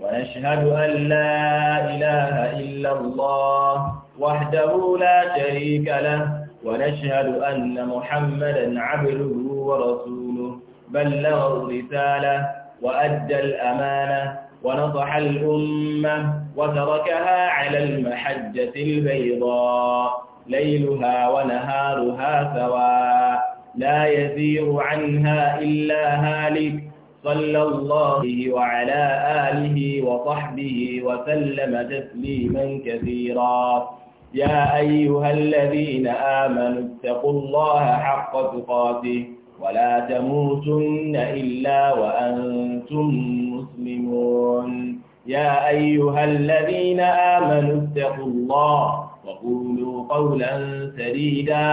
ونشهد أن لا إله إلا الله وحده لا شريك له ونشهد أن محمدا عبده ورسوله بلغ الرسالة وأدى الأمانة ونصح الأمة وتركها على المحجة البيضاء ليلها ونهارها سواء لا يزير عنها إلا هالك صلى الله وعلى آله وصحبه وسلم تسليما كثيرا يا أيها الذين آمنوا اتقوا الله حق تقاته ولا تموتن إلا وأنتم مسلمون يا أيها الذين آمنوا اتقوا الله وقولوا قولا سديدا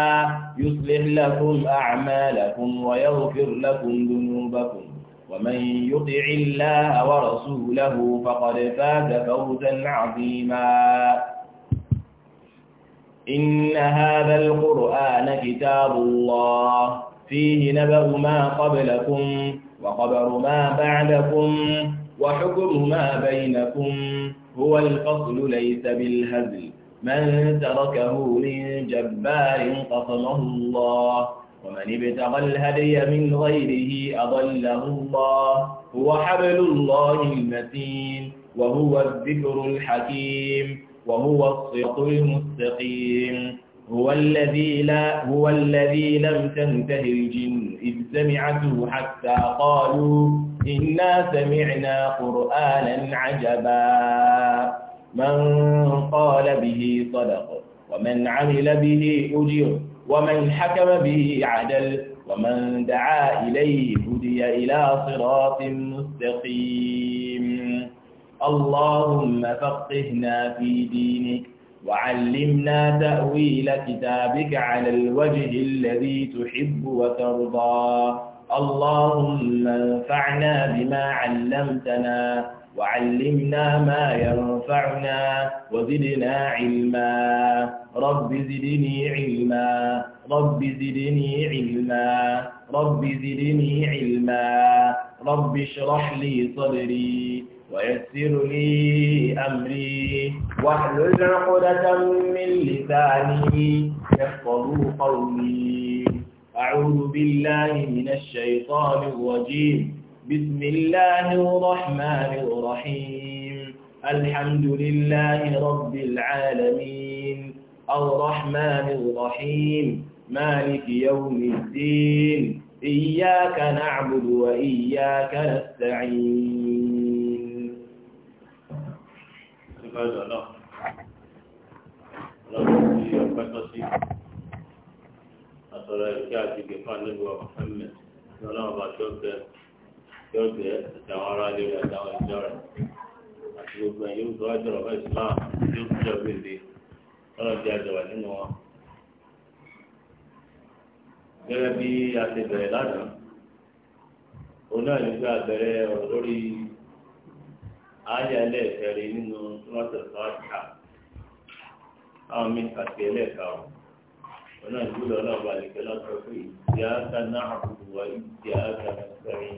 يصلح لكم أعمالكم ويغفر لكم ذنوبكم ومن يطع الله ورسوله فقد فاز فوزا عظيما إن هذا القرآن كتاب الله فيه نبأ ما قبلكم وخبر ما بعدكم وحكم ما بينكم هو الفصل ليس بالهزل من تركه من جبار قصمه الله ومن ابتغى الهدي من غيره أضله الله هو حبل الله المتين وهو الذكر الحكيم وهو الصراط المستقيم هو الذي لا هو الذي لم تنته الجن إذ سمعته حتى قالوا إنا سمعنا قرآنا عجبا من قال به صدق ومن عمل به أجر ومن حكم به عدل ومن دعا إليه هدي إلى صراط مستقيم اللهم فقهنا في دينك وعلمنا تأويل كتابك على الوجه الذي تحب وترضى اللهم انفعنا بما علمتنا وعلمنا ما ينفعنا وزدنا علما رب زدني علما رب زدني علما رب زدني علما رب اشرح لي صدري ويسر لي أمري واحلل عقدة من لساني يفقه قولي أعوذ بالله من الشيطان الرجيم بسم الله الرحمن الرحيم الحمد لله رب العالمين الرحمن الرحيم مالك يوم الدين إياك نعبد وإياك نستعين tí ó jẹ́ àtàwọn ará ilé rẹ̀ àtàwọn ìjọ rẹ̀ àti gbogbo ẹ̀yìn olùkọ́ àjọrọ̀ bá Islam tí ó jẹ́ òbíde lọ́nà tí a jọ̀wà nínú wọn. gẹ́gẹ́ bí a ti bẹ̀rẹ̀ lánàá òun náà ní pé àbẹ̀rẹ̀ ọ̀rọ̀ lórí ààyè ẹlẹ́ẹ̀kẹrin nínú tọ́lọ́tọ̀ tọ́lọ́tà àwọn mi àti ẹlẹ́ẹ̀ka ọ̀ ọ̀nà ìgbúdọ̀ náà balẹ̀ kẹlọ́tọ̀ pé ìdí àgbà náà àbúrò wa ìdí àgbà náà sẹ́yìn.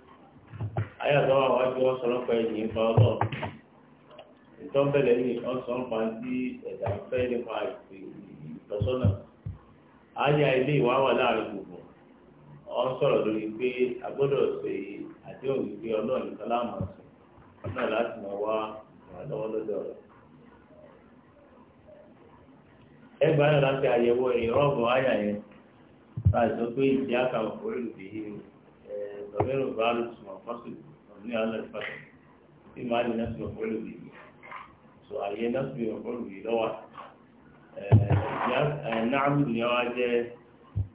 ayọ̀dọ́ àwájú ọ̀sọ̀rọ̀pọ̀ ẹ̀yìn nípa ọlọ́ ìtọ́bẹ̀lẹ̀ ní ọ̀sọ̀rọ̀pọ̀ àti ẹ̀dá fẹ́ nípa ìtọ́sọ́nà ayé ilé ìwà wà láàrin gbogbo ọ̀ sọ̀rọ̀ lórí pé a gbọ́dọ̀ ṣe àdéhùn wípé ọlọ́run nìkan láàmú náà láti wá ìrànlọ́wọ́ rẹ̀. láti àyẹ̀wò ìrọ́bù ayà yẹn sọ pé ìdí àkàwọ̀ orílẹ̀-èdè yìí ẹ̀ bá مبني على الفتح في معنى نسب مفعول به سؤال هي نسب مفعول به لو نعم نواجه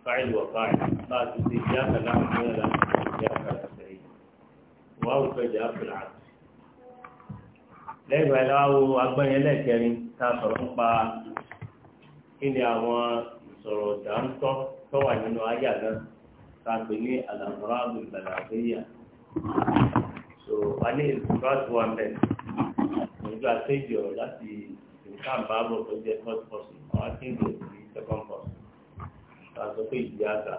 فعل وفاعل فاتت إياك نعم ولا إياك نستعين وهو فجأة في العدل lẹ́yìn ìgbà ìlàwọ̀ agbẹ́yẹn lẹ́ẹ̀kẹrin ta sọ̀rọ̀ ń pa kí ni àwọn ìsọ̀rọ̀ dáńtọ́ tó wà nínú ayé àná ta pè ní àlàmúrà àbùbàlà àbẹ́yà so a ní ìfúráṣí wa mẹ́ nígbà séjì ọ̀rọ̀ láti nǹkan báàbọ̀ tó jẹ́ first person àwọn tí ń lò sí second person ta sọ pé ìdí àgbà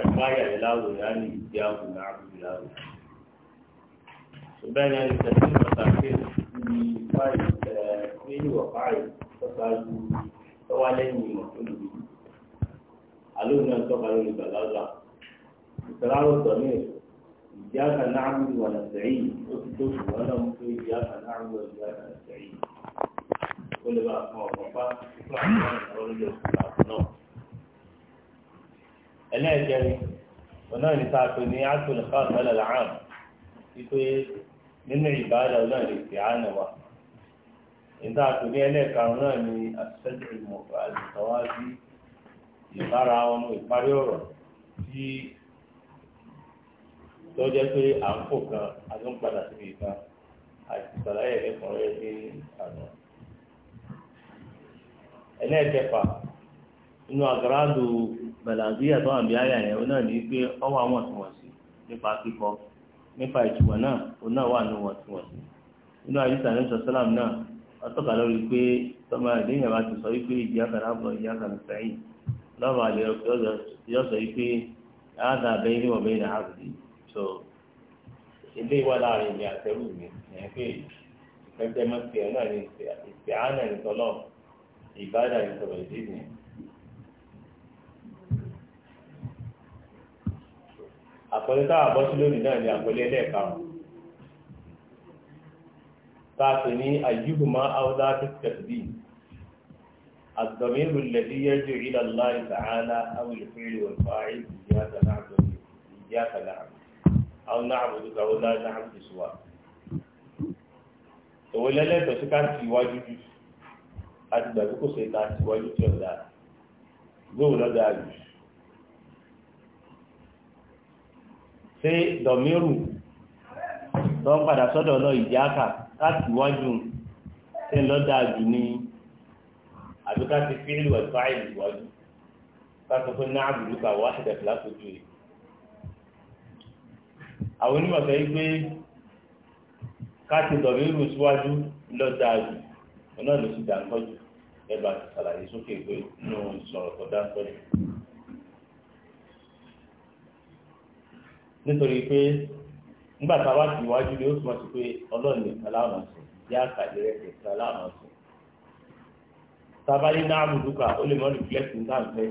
ẹ̀fọ́ àyàrí láwùjọ yá ní ìdí àgbà láwùjọ láwùjọ. so bẹ́ẹ̀ ni ẹni tẹ̀sí ìrọ̀ta pé ní fáì ẹ̀ nínú ọ̀fáì tọ́sáájú tọ́wá lẹ́yìn ìmọ̀ tó lù mí. alóòrùn náà tọ́ka lórí bàlágà ìtàláwọ̀ tọ́ ní èso إياك نعبد ونستعين أكتب وأنا مكتوب إياك نعبد وإياك نستعين كل ما أسمع وفاة ẹlẹ́ẹ̀kẹrin ọ̀nà ìtàkùn ní àtúnlẹ̀kọ́ àtọ́lẹ̀ làárùn wípé nínú ìbáàdà náà lè fi àánà wa ìta àtúnlẹ̀ ẹlẹ́ẹ̀karùn náà ni àtúnṣẹ́jì ìmọ̀ àtìsọ́wájú ìbára ọmọ ìparí ọ̀rọ̀ tí lọ́jọ́ pé à ń fò kan a ló ń padà síbi kan àti sàlàyé ẹ̀kúnrẹ́ ní àná. ẹlẹ́ẹ̀kẹfà inú àgàràdù bàlàndíyà tó wà bí àyà yẹn ó náà ní pé ọwọ́ àwọn ìwọ̀ntúnwọ̀nsì nípa kíkọ nípa ìtumọ̀ náà ó náà wà ní inú náà wọ́n tọ́ka lórí pé tọ́mọ bá ti sọ wípé bọ̀ sẹ́yìn lọ́wọ́ so ilé wa láàrin mi àtẹrù mi ẹ̀ pé ìfẹ́fẹ́ máa ń pè ọ́ náà ní ìpè àánà ìtọ́lọ́ ìbádà ìtọ́lọ́ ìdíje. àpẹẹrẹ tá a bọ́ sí lónìí náà ni àpẹẹrẹ ẹlẹ́ẹ̀karùn-ún tá a pè ní àyíkùmá áwùdá tẹ̀sítẹ̀sítì الضمير الذي يرجع إلى الله تعالى أو الفعل والفاعل إياك نعبد وإياك نعبد àwọn náà àbòdúkà ó náà náà fi sùn wá. òwe lẹ́lẹ́tọ̀ sí ká ti iwájú jù àti gbàgbé kò sí ká ti iwájú tí ọ̀dà gbóòwò lọ́dà jù. ṣé dọ̀míìrù tó ń padà sọ́dọ̀ lọ ìjáàkà láti iwájú ṣé lọ́dà jù ní àbíká ti fílù ẹ̀fáìlì iwájú ká sọ pé náà àbòdúkà wá ṣẹ̀dẹ̀ fìlà fojú rẹ̀. àwọn onímọ̀ sọ wípé káàtì síwájú ló sì ti ṣàlàyé sókè pé nínú sọ̀rọ̀ tó dáńkọ́jú. nítorí pé nígbà tá a bá ti wájú ni ó túmọ̀ sí pé ọlọ́run nìkan láwọn sùn yá àkàdé rẹ̀ nìkan láwọn sùn. tá a bá ní náà ó lè mọ́ rìflẹ́tì ní táǹfẹ́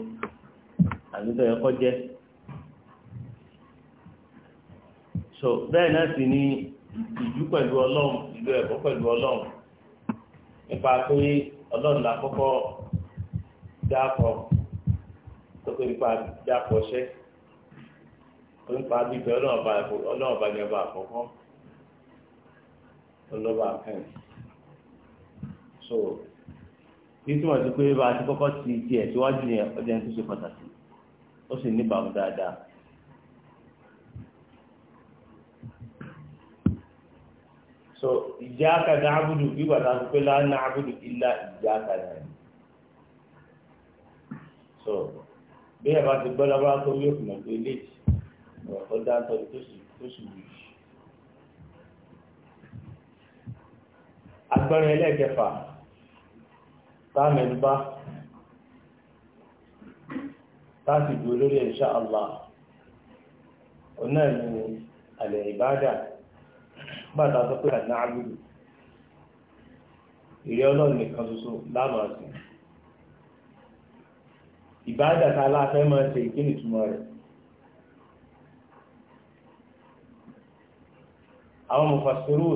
ẹ̀kọ́ jẹ́ so bẹ́ẹ̀ náà sì ni ìjú pẹ̀lú ọlọ́run ìlú ẹ̀kọ́ pẹ̀lú ọlọ́run nípa pé ọlọ́run là kọ́kọ́ dápọ̀ kókó nípa dápọ̀ ṣẹ́ nípa bíbẹ ọlọ́run ọba ní ọba àkọ́kọ́ ọlọ́ba àkàn so kí túmọ̀ sí pé bá a ti kọ́kọ́ ti tiẹ̀ síwájú yẹn ọjọ́ yẹn tó ṣe pàtàkì ó sì ní ìbámu dáadáa. so iyyaka na'budu wíwà náà pé la na'budu illa iyyaka náà so bí ẹ bá ti gbọ́ lọ́wọ́ tó yóò fi mọ̀ pé eléyìí ọ̀rọ̀ tó dá tó tó sì tó sì wù yìí. agbẹ́rin ẹlẹ́gẹ̀fà táàmẹ̀lúbá táàsì dúró lórí insha Allah ọ̀nà ìlú alẹ́ ìbádà bàtà sọ pé àná àgbègbè ìrẹ́ ọlọ́run nìkan ṣoṣo láàmà sí ìbádàtà aláfẹ́ máa ṣe ìkíni túmọ̀ rẹ̀ àwọn mufasiru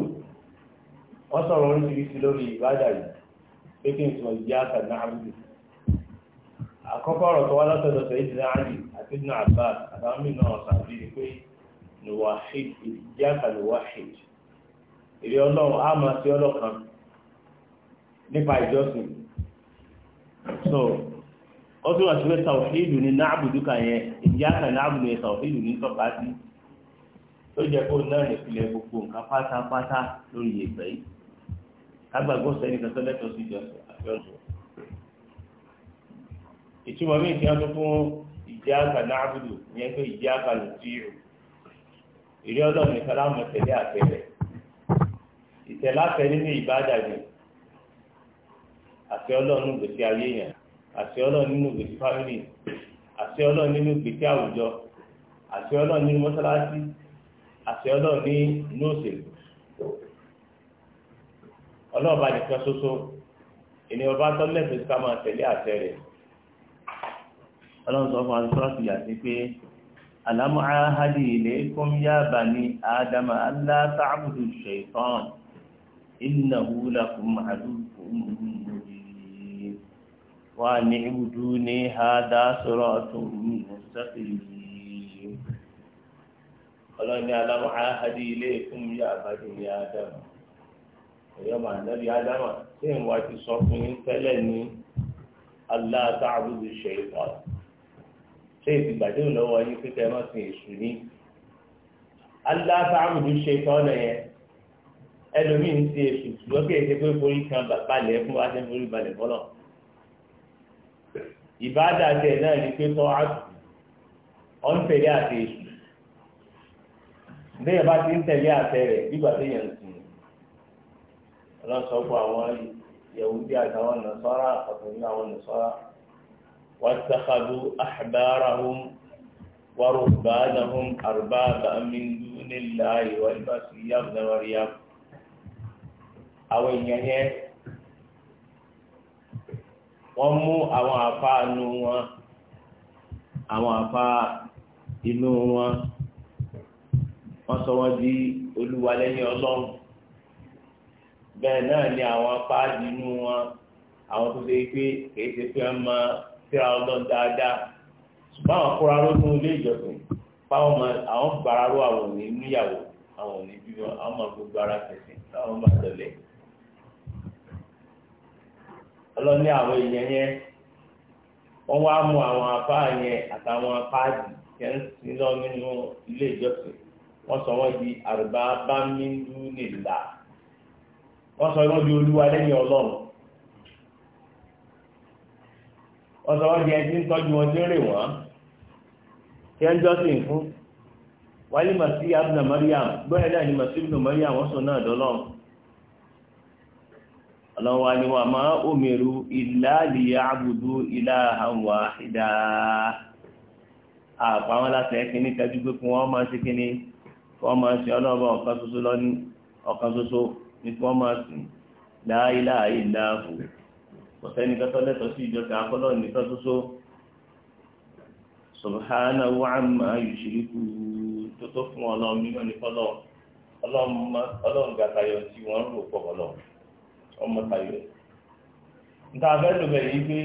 wọ́n sọ̀rọ̀ oríṣiríṣi lórí ìbádà yìí pé kí n sọ ìyá àtàná àgbègbè àkọ́kọ́ ọ̀rọ̀ tó wá látọ̀dọ̀ sọ ìdílé àjì àti ìdílé àbá àtàwọn mìíràn ọ̀sán àbí pé nùwàhíd ìyá àtàlùwàhíd èrè ọlọ́run á máa ṣe ọlọ́kan nípa ìjọsìn so ó tún wà sí pé tàwọ̀fíìlù ní náàbùdúkà yẹn ìdí àkà náàbùdù yẹn tàwọ̀fíìlù ní tọ́ka sí tó jẹ́ kó náà nìpìlẹ̀ gbogbo nǹkan pátápátá lórí yìí sẹ́ni kan tó lẹ́tọ̀ọ́ sí ìjọsìn àti ọ̀dọ́ ìtumọ̀ mi ti hàn fún ìdí àkà yẹn pé ìdí àkà ìrí ọlọ́run nìkan láwọn ìtẹ̀láfẹ́ nínú ìbádàgbé àti ọlọ́run gbèsè ayé yẹn àti ọlọ́run nínú gbèsè fámìlì àti ọlọ́run nínú gbèsè àwùjọ àti ọlọ́run nínú mọ́sálásí àti ọlọ́run ní inú òṣèlú ọlọ́ọ̀bá nìkan ṣoṣo ènìyàn bá tọ́ lẹ́sẹ̀ ká máa tẹ̀lé àtẹ rẹ̀ ọlọ́run sọ fún asọ́sọ́sì àti pé alámọ́ ahádìí ilé kọ́míyàbá ní ádámà aláàtàbùdù ṣèitán إنه لكم عدو مبين وأن اعبدوني هذا صراط مستقيم قالوا إني ألم عاهد إليكم يا بني آدم ويوم النبي آدم سين واتي صوفين تلني ألا تعبدوا الشيطان شيء في بعدين لو أني كنت أمسني الشنين ألا تعبدوا الشيطان يعني ẹlòmíì ń ṣe èṣù ṣùgbọ́n kí èké pé forí kan balẹ̀ fún wa ṣe ń forí balẹ̀ fọlọ́ ìbáàdà tẹ̀ náà ni pé tọ́ àtù ọ̀n tẹ̀lé àti èṣù bẹ́ẹ̀ bá ti ń tẹ̀lé àtẹ rẹ̀ bígbà tó yẹn ń sìn ọlọ́sọ̀ àwọn Yahudi àtàwọn Nasara àtàwọn àwọn Nasara wàtàkàdù ahbarahum wa ruhbanahum arbaba min dunillahi wal masih ibn Maryam àwọn èèyàn yẹn wọ́n mú àwọn àfa nu wọn àwọn àfa inú wọn wọ́n sọ wọ́n di olúwa lẹ́yìn ọlọ́run bẹ́ẹ̀ náà ni àwọn páàdì inú wọn àwọn tó ṣe pé kì í ṣe pé wọ́n máa síra ọlọ́run dáadáa ṣùgbọ́n àwọn kóra ló tún ilé ìjọsìn fáwọn ọmọ àwọn gbàrà ló àwọn òní níyàwó àwọn òní bímọ àwọn ọmọ gbogbo ara tẹ̀sìn táwọn máa tẹ̀lé ọlọ́ni àwọn èèyàn yẹn wọ́n wá mú àwọn afá yẹn àtàwọn páàdì yẹn sí lọ nínú ilé ìjọsìn wọ́n sọ wọ́n di àrùbá bá mi lú nìlá wọ́n sọ wọ́n di olúwa lẹ́yìn ọlọ́run wọ́n sọ wọ́n di ẹni tí ń tọ́jú wọn tí ń rè wọ́n tí ń jọ́sìn fún wálé màsí abdul mariam bóyá dáa ni màsí abdul mariam wọ́n sọ náà dọ́lọ́run ọlọ́wọ́ ni wà máa umiru illa liya'budu ilahan wahida àpá wọn láti ẹ́ kíní kájú pé kí wọ́n máa ṣe kíní kí wọ́n máa ṣe ọlọ́ọ̀bá ọ̀kan ṣoṣo lọ́ní ọ̀kan ṣoṣo ní kí wọ́n máa sìn la ilaha illa hu kò sẹ́ni kẹ́tọ́ lẹ́tọ̀ sí ìjọsìn akọ́lọ́ nìkan ṣoṣo subhanahu amma yushriku tó tó fún ọlọ́run mímọ́ ní kọ́lọ́ ọlọ́run gàtayọ̀ tí wọ́n rò pọ̀ ọlọ́run ọmọ tayọ níta fẹ́ẹ́ bẹ̀rẹ̀ yìí pé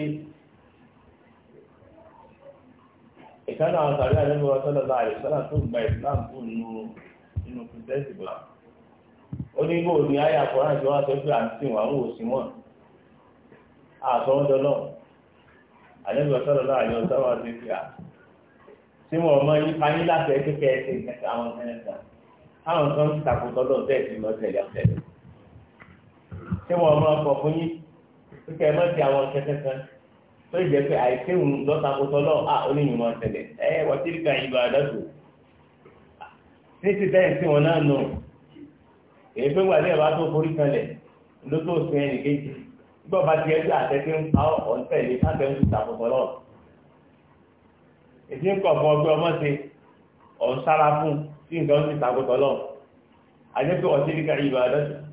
ìkànnì àwọn sàrí àdébò ọ̀sọ́lọ̀ láàyè sọ́lá tó gba ìsìlámù kù nínú nínú kìtẹ́sì bla ó ní bò ní àyà àkọ́rá ìjọ wa tẹ́sí àǹtí wọn àwọn òsì wọn àtọ́ńdọ́lọ́ àdébò ọ̀sọ́lọ̀ láàyè ọ̀sọ́lọ̀ àti ìfìyà tí wọn mọ yípa yín láti ẹgbẹ́ kẹ́ẹ̀ẹ́sì àwọn ẹ̀ẹ́sà táwọn kan ń takò tọ́lọ̀ bẹ́ẹ̀ sí lọ́tẹ̀lẹ̀ ọ̀tẹ̀lẹ̀ tí wọ́n máa kọ̀ fún yín tó kẹ́ ẹ má ti àwọn kẹsẹ̀ kan tó yẹ pé àìkéwòn lọ́sàkóso náà à ó ní ìmọ̀ ṣẹlẹ̀ ẹ wọ́n ti rí ka ìgbà àdàtò ní ti tẹ́yìn sí wọn náà nù èyí pé wà ní ẹ̀bá tó forí kalẹ̀ ló tó sin ẹnì kejì gbọ́ bá ti ẹgbẹ́ àtẹ́tí ń pa ọ̀ntẹ̀lé sábẹ́ ń ti ṣàkóso náà èyí ń kọ̀ fún ọgbẹ́ ọmọ ṣe ọ̀nsára fún tí nǹkan ń ti ṣàkóso náà àyẹ̀pẹ́ wọ́n ti rí ka ìgbà àdàtò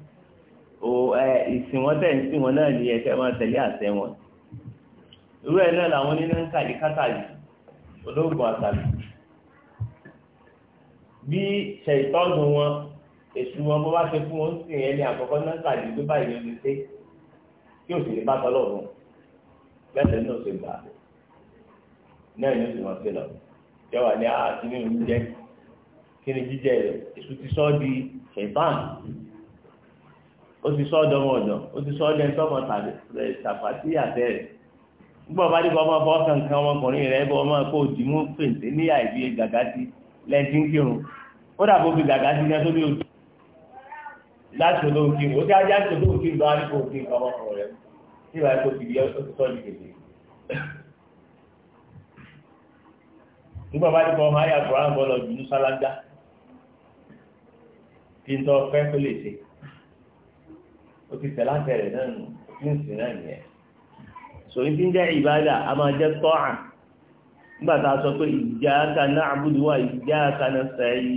ìsìn wọn tẹ̀ ń sìn wọn náà ní ẹ̀kẹ́ máa tẹ̀lé àṣẹ wọn irú ẹ̀ náà làwọn nínú ń kàlí kátàlì olóògùn àtàlì bí ṣètọ́jú wọn èṣù wọn bó bá ṣe fún wọn sìn ẹni àkọ́kọ́ náà kàlí tó báyìí ló ti ṣe kí òsì ní bá tọ́lọ̀ wọn lẹ́sẹ̀ náà ṣe gbà náà ní oṣù wọn ṣe lọ jẹ́wà ní àtúnyẹ̀wò jẹ́ kí ni jíjẹ rẹ̀ èṣù ti sọ́ di ṣètọ́jú O ti sọ ọdọ ọmọ ọdọ ó ti sọ ọdẹ sọmọ tàfàtì àtẹ rẹ gbọ́dọ̀ bá dìbò ọmọ fọ́ kankan ọmọkùnrin rẹ bọ́ ọmọ kó dì mú pèsè ní àìbí gàgá sí lẹ́ẹ̀tì ń kírun ó dàbò fi gàgá sí ní ẹtọ́bí ojú láti olóhùn kírun ó ti ajá sí olóhùn kírun lọ́wọ́ nípa òfin ọmọkùnrin rẹ tí ìwà ẹ̀kọ́ ti di ó ti sọ́ di kèké. gbọ́dọ̀ bá dìbò ọmọ ayé àgbọ̀rán bọ́ lọ jù ní sálángá kí n tọ́ fẹ́ kó lè ṣe. ó ti tẹ̀ láti rẹ̀ náà nù ní ìsìn náà nìyẹn sòrí tí ń jẹ́ ìbádà a máa jẹ́ tọ́à nígbà tá a sọ pé iyyaka na'budu wa iyyaka nasta'in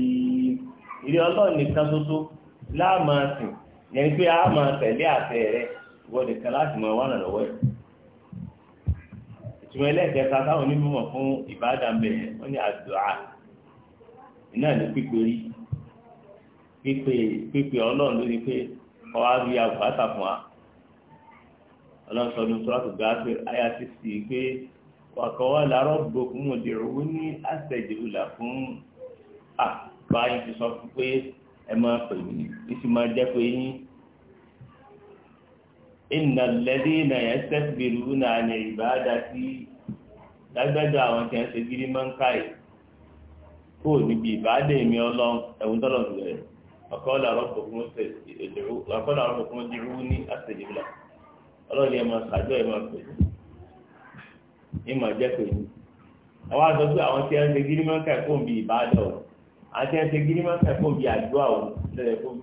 ilé ọlọ́run nìkan yẹn pé a máa tẹ̀lé rẹ wọ́n nìkan láti mọ wọn lọ́wọ́ ẹ̀ táwọn onímọ̀ fún ìbádà bẹ̀rẹ̀ wọ́n ní ní rí ọlọ́run pé kọ́ wá rí àbùkátà fún wa ọlọ́sọdún tó láti gbà pé àyà ti sì pé wàkọ́wá làárọ̀ gbogbo òde òwú ní àtẹ̀jẹ̀wòlà fún àbáyé ti sọ fún pé ẹ máa pè mí ìsì máa jẹ́ pé yín ìnà lẹ́dí ìnà yẹn sẹ́sìbìrì ìnà àyẹ̀ ìbáadá sí lágbẹ́dọ̀ àwọn tí wọ́n ṣe gírí máa ń káyè kó níbi ìbáadé mi ọlọ́run ẹ̀wọ̀n tọ́lọ̀ bẹ̀rẹ̀ ọ̀kọ́lá rọ́bùkún dìrú ní àtẹ̀jìbìlà ọlọ́run ni ẹ máa ṣàjọ ẹ máa pè é máa jẹ́ pé ní. àwọn àṣọ pé àwọn tí wọ́n ṣe gírí máa ń kà fún bí ìbádọ́ o àti wọ́n ṣe gírí máa ń kà fún bí àdúrà o lẹ́yìn fún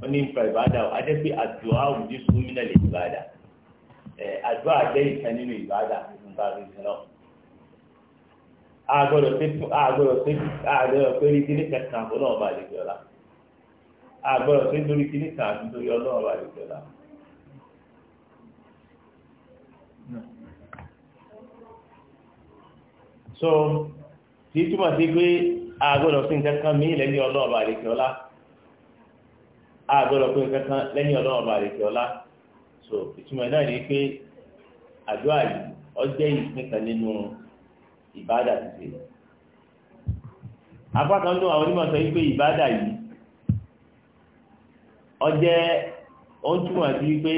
wọn ní nfa ìbádà o àti pé àdúrà o ní sùnmínà lè ìbádà àdúrà jẹ́ ìkan nínú ìbádà nípa ìṣẹ́ náà àgọ́dọ̀ pé àgọ́dọ̀ pé àgọ́dọ̀ pé rí kíní kẹsàn-án fún náà bá lè fi ọ̀la àgbọ̀rọ̀ tó ń dorí kí nìkan àti torí ọlọ́run wà lókè ọ̀la. so tí túmọ̀ sí pé àgbọ̀rọ̀ pé nǹkan kan mí lẹ́yìn ọlọ́run wà lókè ọ̀la àgbọ̀rọ̀ pé nǹkan kan lẹ́yìn ọlọ́run wà lókè ọ̀la so ìtumọ̀ náà ni pé àdúrà yìí ọjẹ́ ìpín kan nínú ìbádà ti ṣe. apá kan ló àwọn onímọ̀ sọ wípé ìbádà yìí ọjẹ́ ó ń túmọ̀ sí pé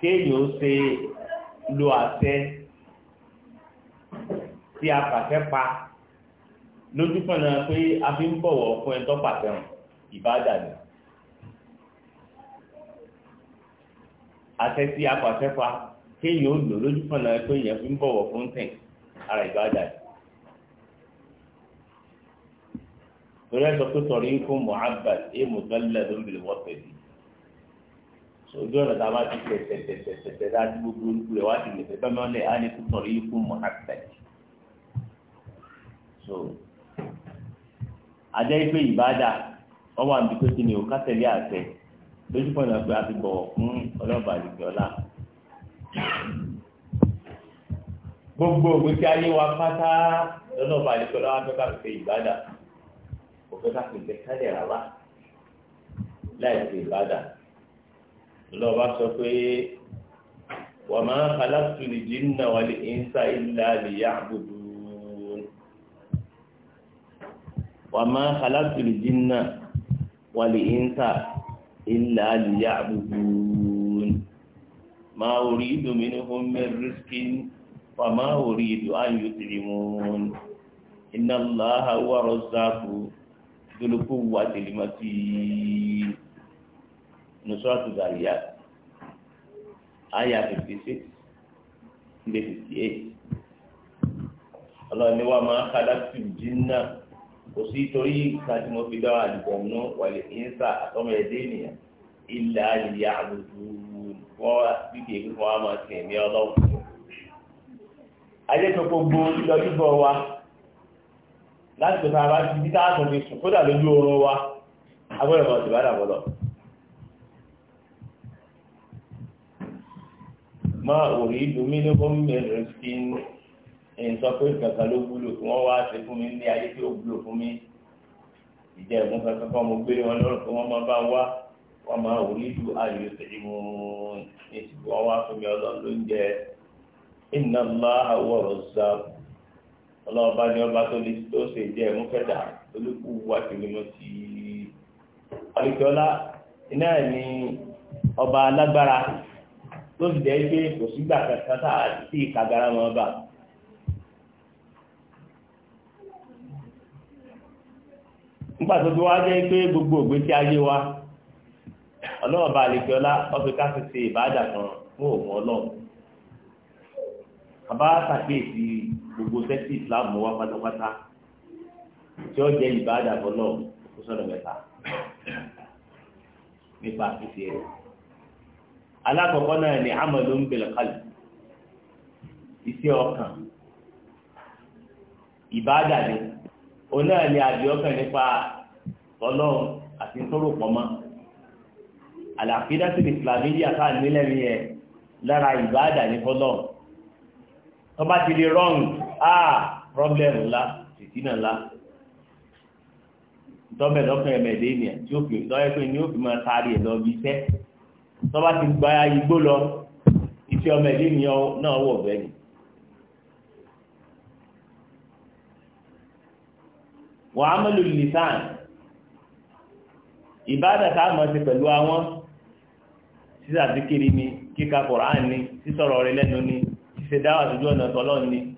kéèyàn ó ṣe lo àṣẹ tí a pàṣẹ pa lójúkànnà pé a fi ń bọ̀wọ̀ fún ẹ tó pàṣẹ hàn ìbáàdà ni. àṣẹ tí a pàṣẹ pa kéèyàn ó lò lójúkànnà pé èèyàn fi ń bọ̀wọ̀ fún tẹ̀ ara ìbáàdà ni. torí ẹ sọ pé tọ̀rí kó muhammad ẹ mùtọ́lẹ̀ ló ń bèrè wọ́n pẹ̀lú ojú ọ̀nà tá a bá ti tẹ̀ tẹ̀ tẹ̀ tẹ̀ tẹ̀ tẹ̀ láti gbogbo orúkú rẹ̀ wá ti lè fẹ́ fẹ́mi á ní kó tọ̀rí kó muhammad so ajẹ́ ipe ìbáda ọwọ́ àbí tó ti ní o kátẹ́lí àtẹ lójúkọ̀ náà pé a ti bọ̀wọ̀ fún ọlọ́ọ̀bà àdìgbọ́lá gbogbo ògbésí ayé wa pátá lọ́lọ́ọ̀bà àdìgbọ́lá wa fẹ́ ká fi ṣe ìbáda òfin ká pèsè kálẹ̀ rárá láì fi ìbàdàn lọ́ba sọ pé wà máa khalaqtu al-jinna wal-insa illa liya'budun wà máa khalaqtu al-jinna wal-insa illa liya'budun ma uridu minhum min rizqin wa ma uridu an yut'imun inna Allaha huwa razzaqu dolokowu atelimati nusuratu zariya aya fifty six ndé fifty eight ọlọ́ọ̀ni wa máa kádà tù jìnnà kò sí torí káàtì mo fi dá àdìgbò ọ̀nà wàlẹ̀ ìyẹ́nsà àtọ́mọ̀ ẹ̀dẹ́ ènìyàn ilẹ̀ àyè àbùkù wọ́n bí kì í máa tẹ̀ ní ọlọ́wọ́. ajẹ́ tó gbogbo lílọ yíbọ̀ wa láti tó sára ti bí táàtọ̀ fi sùn kódà lójú oorun wa agbẹ́rẹ̀ kan ti bá dà bọ́lọ̀ máa òrí ìdúmí ní gómìnà rìsíkì ìsọ pé kankan ló wúlò kí wọ́n wá ṣe fún mi ní ayé tí ó wúlò fún mi ìjẹ́ ẹ̀gbọ́n kankan kan mo gbé wọn lọ́rùn kí wọ́n máa bá wá wọ́n máa òrí ìdú ayò tẹ̀lé mu ní ìsìnkú wọn wá fún mi ọlọ́run lóúnjẹ inna Allaha huwa razzaq ọlọ́ọ̀bá ni ọba tó lè tó ṣe ìdí ẹ̀mú fẹ́dà olúkú wá sí i. ọba alágbára tó sì jẹ́ pé kò sígbà kankan tá a ti wá jẹ́ pé gbogbo wa ọlọ́ọ̀bá àlùkọ́lá ọ̀fẹ́ ìbáàdà kan fún òun àbá gbogbo sẹ́sì ìsìláàmù wa pátápátá tí ó jẹ́ ìbáàdà bọ́lọ̀ kó sọ̀rọ̀ mẹ́ta nípa àfihàn rẹ̀. alákọ̀ọ́kọ́ náà ni amadu ń bẹ̀rẹ̀ kálí iṣẹ́ ọkàn ìbáàdà ni òun náà ni àdìọ́kàn nípa ọlọ́run àti ntọ́rọ̀ pọ́nmọ́ àlàáfíà sí ìsìlámíyà káà nílẹ̀ mi yẹn lára ìbáàdà ní fọlọ́run tọ́ba ti di rọ́ǹgì ah problem ńlá ìtìnà ńlá tọ́bẹ̀ lọ́kàn ẹ̀mẹ̀dé ni tí ó fi lọ́yẹ́ pé ni ó fi máa taari ẹ̀ lọ bí iṣẹ́ tọ́ba ti gba igbó lọ iṣẹ́ ọmọ ẹ̀dé ni náà wọ̀ bẹ́ẹ̀ ni. wàá mẹ́lò lisan ìbáàdà tá a mọ̀ sí pẹ̀lú àwọn sísà síkiri ni kíka Kùránì ni sísọ̀rọ̀ rẹ lẹ́nu ni ṣíṣe dáwà tójú ọ̀nà tọ́lọ́ ni.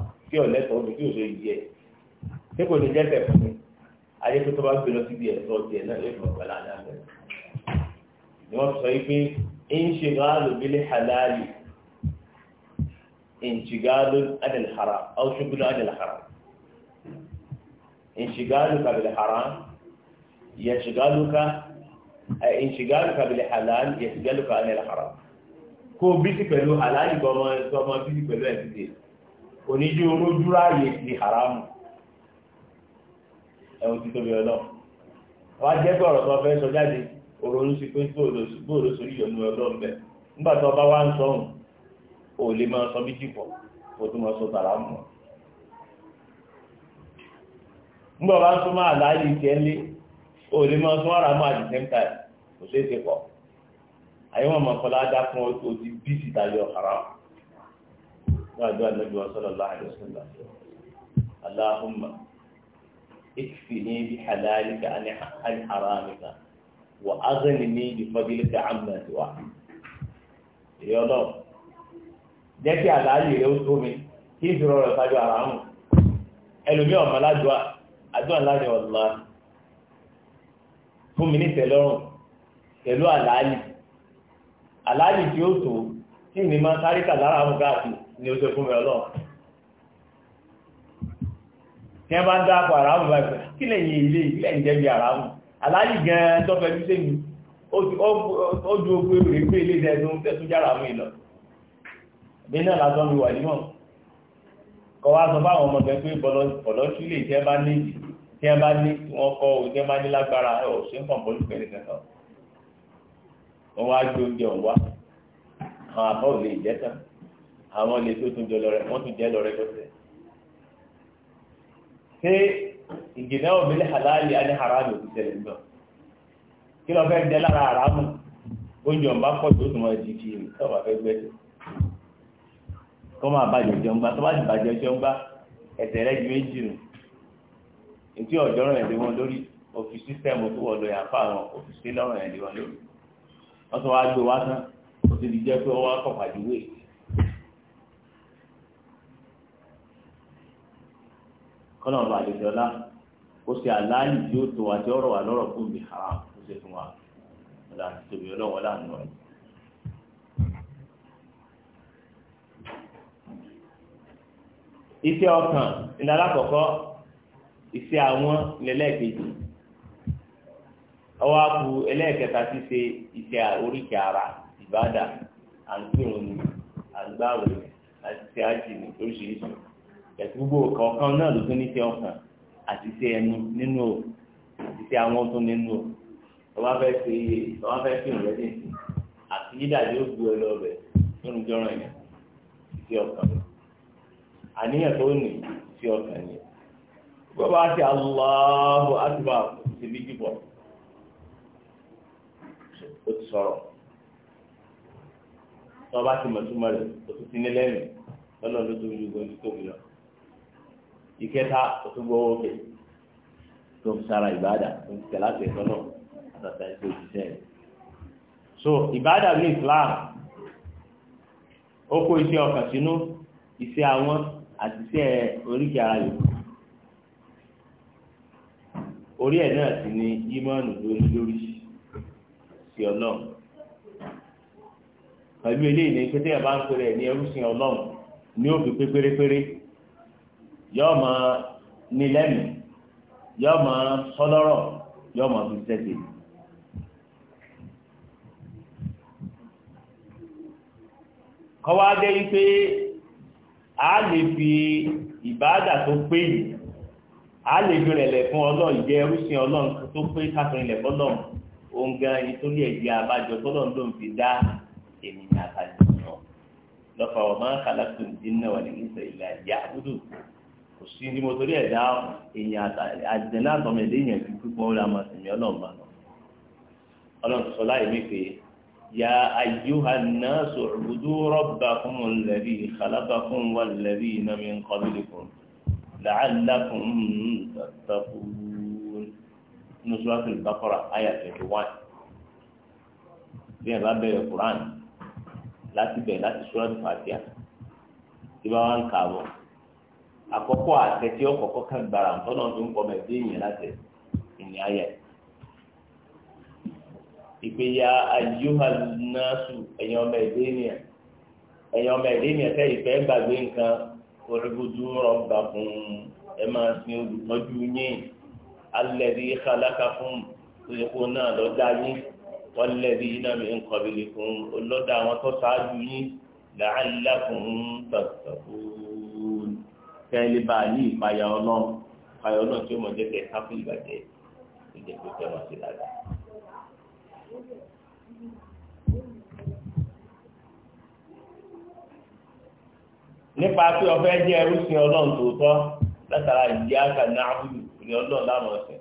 tí ọ̀lẹ́tọ̀ omi tí òṣèlú yẹ ṣé kò ní jẹ́ tẹ̀ fún mi ayé tó tó bá gbé lọ síbi ẹ̀tọ́ tiẹ̀ náà yóò fún ọ̀gá ládàá bẹ̀rẹ̀ ni wọ́n sọ yìí pé ìṣègáàlù bílẹ̀ halali ìṣègáàlù adìlhara ọ̀ṣùgbọ́n adìlhara ìṣègáàlù kàbìlhara yẹ̀ṣègáàlù ká ìṣìgáàlù kàbílẹ̀ halal yẹ̀ṣìgáàlù kàbílẹ̀ haram kó bísí pẹ̀lú halal gọmọ bísí pẹ̀lú ẹ̀sìdè kò oró ju olójú ráàyè haramu ẹ̀wọ̀n ti tóbi ọlọ́run wá jẹ́ pé ọ̀rọ̀ tó fẹ́ sọ jáde òrònú sí pé bóòlù sórí ìyọnu ọlọ́run bẹ̀ nígbà tó bá wá ń sọ̀hún ò lè máa sọ máa sọ tààrà mọ́ nígbà bá ń sọ وأدعى النبي صلى الله عليه وسلم اللهم اكفني بحلالك عن حرامك وأغنني بفضلك عما سواك ìyọ́ lọ jẹ́ kí àlàyé rẹ̀ ó tó mi kí ìṣòro rẹ̀ sájú ara mù ẹlòmí ọ̀mọ ládùá àdúrà láti ọ̀la fún mi ní ìtẹ́lọ́rùn pẹ̀lú àlàyé àlàyé tí ó tó tí mi máa sáré kà mú káàkiri ni ó ṣe fún mi ọlọ́run tí wọ́n bá ń dáàpọ̀ àràmù bá ìfẹ́ kí lẹ́yìn ilé ilẹ̀ ń jẹ́bi àràmù aláàlì gan-an tó fẹ́ bí sẹ́mi ó ju ogun èrò ìgbé ilé ìdẹ́dùn tẹ́tún jára mú ìlọ bí náà lásán mi wà nímọ̀ kọ́ wá sọ fáwọn ọmọ bẹ pé bọ̀lọ́sí lè tẹ́ bá ní tí wọ́n bá ní wọ́n kọ́ ò tẹ́ bá ní lágbára ẹ̀ ò ń pọ̀ bọ́lú pẹ̀lú kẹta wọ́n wá gbé oúnjẹ òun àwọn àbá ò lè jẹ́ tán àwọn olè tó tún jẹ lọ rẹ wọ́n tún jẹ́ lọ rẹ lọ́sẹ̀. ṣé ìgbìnà òbí lè halali á ní haramu ti tẹ̀lé náà kí lọ fẹ́ jẹ́ lára haramu oúnjẹ ọ̀nba pọ̀ tó tún wọn di kiri tó wà fẹ́ gbẹ́sẹ̀. kọ́ máa bàjẹ́ jẹun gbá tó bá ti bàjẹ́ jẹun gbá ẹ̀sẹ̀ rẹ ju méjì nù ètí ọ̀jọ́ rẹ̀ lé wọn lórí òfin sísẹ́mù tó wọ̀ ó ti di jẹ́ pé wọ́n á kọ̀ pàjùwé. kọ́nà ọba àdìsọ́lá ó ṣe àlàyé tí ó tó àti ọ̀rọ̀ wa lọ́rọ̀ fún mi haram ó ṣe fún wa ọ̀là àti tòbí ọlọ́wọ́ láàánú rẹ̀. iṣẹ́ ọkàn ilé alákọ̀ọ́kọ́ iṣẹ́ àwọn lẹ́lẹ́kejì ọwọ́ àpò ẹlẹ́ẹ̀kẹta ti ṣe iṣẹ́ oríkèé ara. bada à ń kírun ni à ń gbààwẹ̀ ni ṣe àjì gbogbo kọ̀ọ̀kan náà ló tún o àti ṣe àwọn tó nínú o tọ́wá fẹ́ ṣe tọ́wá fẹ́ fi ìrìn sí àti yídà yóò gbé ọ lọ bẹ̀ yẹn ọkàn àníyàn tó ọkàn yẹn bí ti sọ̀rọ̀. tí wọ́n bá ti mọ̀túmọ̀ rẹ̀ kò tún ti ní lẹ́yìn lọ́nà ló tó ju gbòǹdì tóbi lọ. ìkẹta kò tún kẹ tó ń sara ìbáàdà tó ń tẹ̀lé àti ẹ̀tọ́ náà àtàtà ẹ̀tọ́ òṣìṣẹ́ rẹ̀. so ìbáàdà ní Islam ó kó iṣẹ́ ọkàn sínú iṣẹ́ àwọn àti iṣẹ́ oríkì ara yòókù orí ẹ̀ náà sì ni ímọ̀nù lórí lórí sí ọlọ́run pẹ̀lú eléyìí ní pété ẹ̀bá ń pèrè ní ẹrúsìn ọlọ́run ní òfin pé pérépéré yóò máa ní lẹ́nu yóò máa sọlọ́rọ̀ yóò máa fi sẹ́sẹ̀. kọ́wá dé wípé a lè fi ìbáàdà tó pé yìí a lè fi rẹ̀ lẹ̀ fún ọlọ́run jẹ́ ẹrúsìn ọlọ́run tó pé káfíńlẹ̀ fọlọ́run òun gan-an ni tó lè tọ́lọ́run ló ń fi dá èmi ní àtàlẹ́ náà lọ́fà ọ̀ma kàlákùn dínà wà ní ìsẹ̀ ilẹ̀ àjẹ́ àbúdù kò sí ní mo torí ẹ̀dá èèyàn àjẹ́ náà tọ́mọ ẹ̀dẹ́ èèyàn fi púpọ̀ ó lámà sí mi ọlọ́ọ̀mà náà ọlọ́run sọ láì mí pé ya ayyuhan nasu ubudu rabbakum alladhi khalaqakum walladhina min qablikum la'allakum tattaqun nusratul baqara ayat 21 bí ẹ bá bẹ̀rẹ̀ Qur'an láti bẹ̀ láti sọ́ọ́dù fàtíà tí bá wà ń kà wọ́n àkọ́kọ́ àtẹ tí ó kọ́kọ́ kàn gbára nǹkan náà tó ń kọ́ mẹ́tẹ́ yìnyín láti ìní ayẹ. ìpèyà ayélujáfù ẹ̀yìn ọmọ ẹ̀dẹ́ ènìyàn ẹ̀yìn ọmọ ẹ̀dẹ́ ènìyàn tẹ́ ìfẹ́ gbàgbé nǹkan oríbudu rọ̀bà fún ẹ máa sin olùtọ́jú yín alẹ́ bí kálákà fún òyìnbó náà lọ́jà yín wọ́lẹ́bí iná mi ń kọ̀bìlì fún olódà àwọn tó ṣáájú yín làálàkùn tọ̀tọ̀kùn kẹ́lẹ́ bá ní ìpayà ọlọ́run ìpayà ọlọ́run tí ó mọ̀ jẹ́ kẹ́ ká fún ìbàjẹ́ ìjẹ́ pé kẹ́ wọ́n sí dáadáa. nípa pé ọ̀fẹ́ jẹ́ ẹrú sin ọlọ́run tòótọ́ látara ìdí àkànná ní ọlọ́run láwọn ọ̀sẹ̀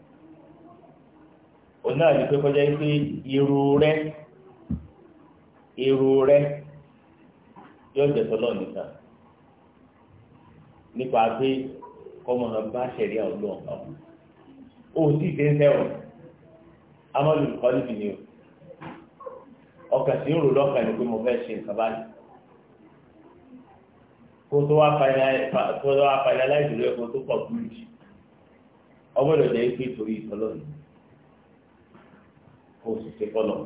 òun náà ní pé kọjá pé irú rẹ irú rẹ yóò jẹ tọ́lọ́ nìkan nípa pé kọ́mọ̀nà bá ṣẹ̀rí àwọn ọ̀hún ó sì ṣe ń sẹ́wọ̀n amọ́lù kọ́ níbi ni o ọkàn sí ń rò lọ́kàn ní pé mo fẹ́ ṣe nǹkan báyìí kó tó wá finalize rẹ kó tó kọ̀ bíríìjì ọgbọ́dọ̀ jẹ́ pé torí ìtọ́lọ́ nìkan kó sì ṣe fọlọ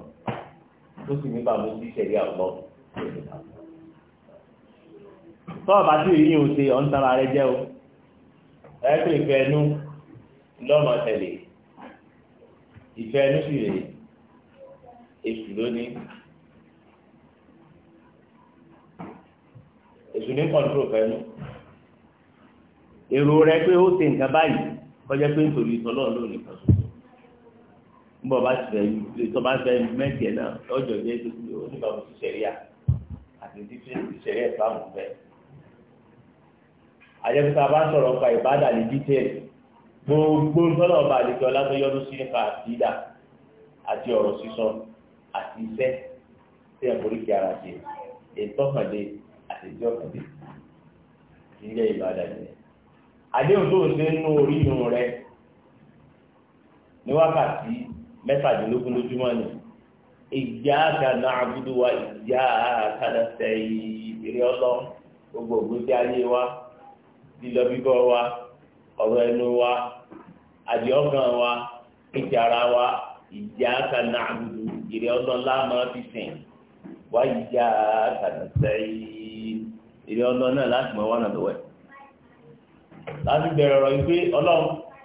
tó sì ní bàbá sí ìṣẹ̀lẹ̀ àwùjọ tọ́ọ̀bá tí èyí ò ṣe ọ̀ǹtara rẹ jẹ́ o ẹ̀ẹ́dẹ̀ ìfẹ́ ẹnu lọ́nà tẹ̀lé ìfẹ́ ẹnu sì rèé èṣù lónìí èṣù ní kọ̀ǹtró fẹ́nu èrò rẹ pé ó ṣe nǹkan báyìí kọjá pé nítorí ìtọ́lọ́ọ̀ lónìí kan sọ nbọ bá ti bẹ̀rù ilé tó bá bẹ̀rù mẹ́jẹ náà lọ́jọ́ ilé tó ti oníbàbò ti sẹ̀ríà àti títí ti sẹ̀ríà ìbámu bẹ́ẹ̀. àyẹ̀kúta bá ń sọ̀rọ̀ pa ìbádà ní dítẹ́ẹ̀lì gbogbo sọ́nà ọba àlejò ọlágbéyọ́nú sí nípa àtìdá àti ọ̀rọ̀ sísọ àti iṣẹ́ tí ẹ̀ forí kí ara ṣe ètòkàndé àti ìjọkàndé ilé ìbádà nìyẹn. àdéhùn tó ń ṣe nínú orí inú rẹ ní wákàtí mẹ́tàdínlógún lójúmọ́ ni ìjà àgànà àbúdó wa ìjà àkàdàsẹ̀ ìrẹ́ ọlọ́ gbogbo ògbésí ayé wa lílọ bíbọ̀ wa ọ̀rọ̀ ẹnu wa àdìọ́gàn wa ìjà ara wa ìjà àgànà àbúdó ìrẹ́ ọlọ́ láàmú fi sìn wá ìjà àkàdàsẹ̀ ìrẹ́ ọlọ́ náà láti mọ̀ wọ́n náà láti bẹ̀rẹ̀ ọ̀rọ̀ yìí pé ọlọ́run.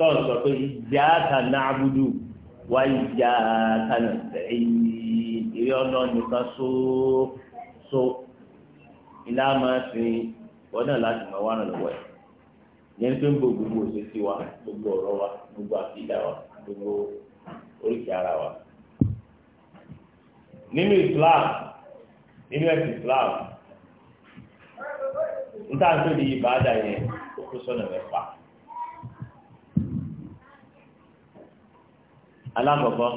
tọ́ọ̀ sọ pé ìjà kan na'budu wá ìjà kan nasta'in ìrẹ́ ọ̀nà nìkan sóòsó ilá máa fi wọ́dà láti máa wà lọ́wọ́ ẹ̀ yẹn tó ń bo gbogbo òṣèṣì wa gbogbo ọ̀rọ̀ wa gbogbo àfihàn wa gbogbo oríṣi ara wa. nínú Islam nínú Islam ìbáàdà yẹn alákọ̀ọ́kọ́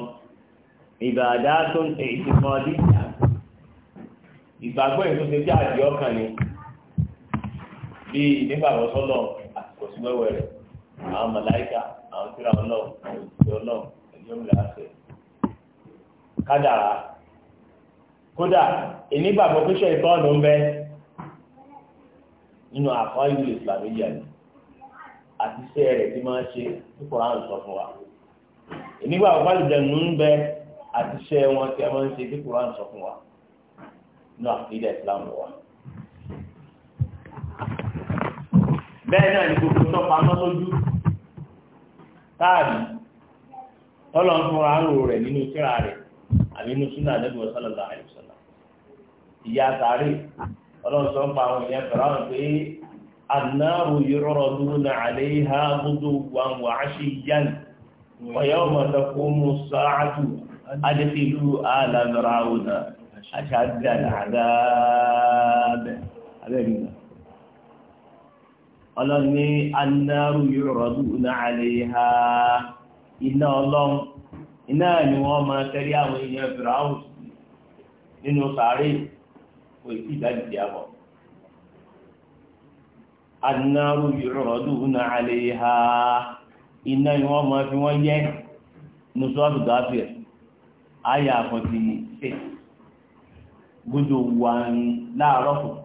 ìbàdá tó ń tẹ ìsìnkọ́ dídá ìgbàgbọ́ ìlú ṣe bí àdì ọkàn ni bí ìdígbàgbọ́ sọ́lọ̀ àsìkò sí wẹ́wẹ́ rẹ̀ àwọn màláìka àwọn tíra ọlọ́ọ̀ àwọn òṣìṣẹ́ ọlọ́ọ̀ ẹ̀yọ́ mi làásẹ̀ kádàrá kódà ìnígbàgbọ́ píṣẹ́ ìtọ́nù ń bẹ nínú àkọ́ ìlú ìsìlámù yìí àti iṣẹ́ rẹ̀ tí máa ń ṣe nípa àwọn ìsọfún wa nígbà wọn báyìí dẹnu ń bẹ àti ṣe wọn tí a máa ń ṣe bí Quran sọ fún wa nínú àfihàn Islam wa. bẹ́ẹ̀ náà ni gbogbo tó pamọ́ sójú táàbì tọ́lọ́ ń fún àárò rẹ̀ nínú síra rẹ̀ àbí inú súnà àdébù sallallahu alaihi wasallam ìyá àtàrí ọlọ́run sọ ń pa àwọn èèyàn fẹ̀rẹ̀ àwọn pé annaru yuraduna alaiha ghuduwan wa ashiyan ويوم تقوم الساعة أدخلوا آل فرعون أشد العذاب قال لي النار يعرضون عليها إن الله إن نوما تريا وإن فرعون إنه صاري ويكيد أجل النار يعرضون عليها iná ni wọ́n máa fi wọ́n yẹ́ nùsọ́ọ̀tù gáfíẹ̀ ayé àkàntì ní ṣe gbójú wa ní láàárọ̀